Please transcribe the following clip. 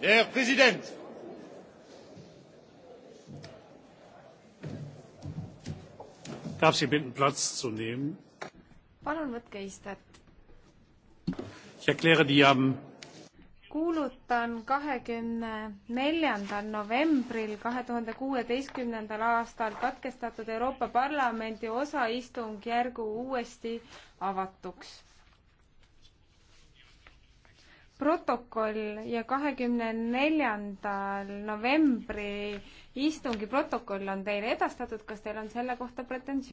Herr Präsident! Darf Sie bitten, Platz zu nehmen? Palun võtke istet. Ich erkläre die am kuulutan kahekümne neljandal novembril kahe tuhande kuueteistkümnendal aastal katkestatud Euroopa Parlamendi osaistungjärgu uuesti avatuks protokoll ja kahekümne neljandal novembri istungi protokoll on teile edastatud, kas teil on selle kohta pretensioone?